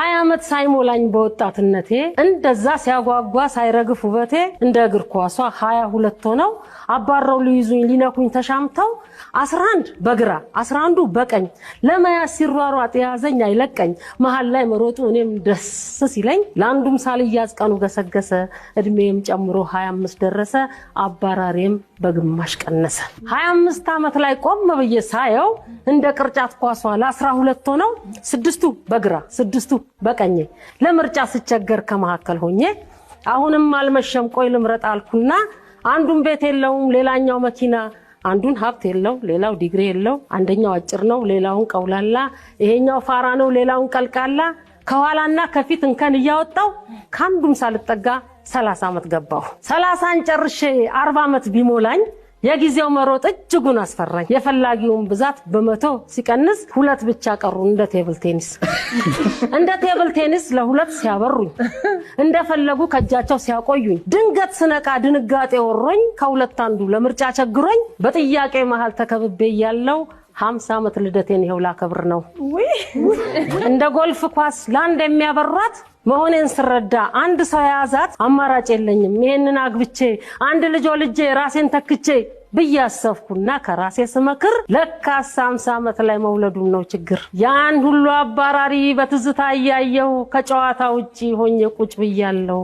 Hi, ዓመት ሳይሞላኝ በወጣትነቴ እንደዛ ሲያጓጓ ሳይረግፍ ውበቴ እንደ እግር ኳሷ ሀያ ሁለት ሆነው አባረው ሊይዙኝ ሊነኩኝ ተሻምተው አስራ አንድ በግራ አስራ አንዱ በቀኝ ለመያዝ ሲሯሯጥ የያዘኝ አይለቀኝ መሀል ላይ መሮጡ እኔም ደስ ሲለኝ ለአንዱም ሳልያዝ ቀኑ ገሰገሰ እድሜም ጨምሮ ሀያ አምስት ደረሰ አባራሬም በግማሽ ቀነሰ ሀያ አምስት ዓመት ላይ ቆም ብዬ ሳየው እንደ ቅርጫት ኳሷ ለአስራ ሁለት ሆነው ስድስቱ በግራ ስድስቱ በቀኜ ለምርጫ ስቸገር ከመካከል ሆኜ አሁንም አልመሸም ቆይ ልምረጥ አልኩና አንዱን ቤት የለውም ሌላኛው መኪና አንዱን ሀብት የለው ሌላው ዲግሪ የለው አንደኛው አጭር ነው ሌላውን ቀውላላ ይሄኛው ፋራ ነው ሌላውን ቀልቃላ ከኋላና ከፊት እንከን እያወጣው ከአንዱም ሳልጠጋ ሰላሳ ዓመት ገባሁ። ሰላሳን ጨርሼ አርባ ዓመት ቢሞላኝ የጊዜው መሮጥ እጅጉን አስፈራኝ። የፈላጊውን ብዛት በመቶ ሲቀንስ ሁለት ብቻ ቀሩ። እንደ ቴብል ቴኒስ እንደ ቴብል ቴኒስ ለሁለት ሲያበሩኝ እንደፈለጉ ከእጃቸው ሲያቆዩኝ ድንገት ስነቃ ድንጋጤ ወሮኝ ከሁለት አንዱ ለምርጫ ቸግሮኝ በጥያቄ መሃል ተከብቤ እያለው ሀምሳ ዓመት ልደቴን ይኸው ላከብር ነው እንደ ጎልፍ ኳስ ለአንድ የሚያበሯት መሆኔን ስረዳ አንድ ሰው የያዛት አማራጭ የለኝም ይሄንን አግብቼ አንድ ልጆ ልጄ ራሴን ተክቼ ብያሰብኩና ከራሴ ስመክር ለካስ አምሳ ዓመት ላይ መውለዱም ነው ችግር። ያን ሁሉ አባራሪ በትዝታ እያየሁ ከጨዋታ ውጪ ሆኜ ቁጭ ብያለሁ።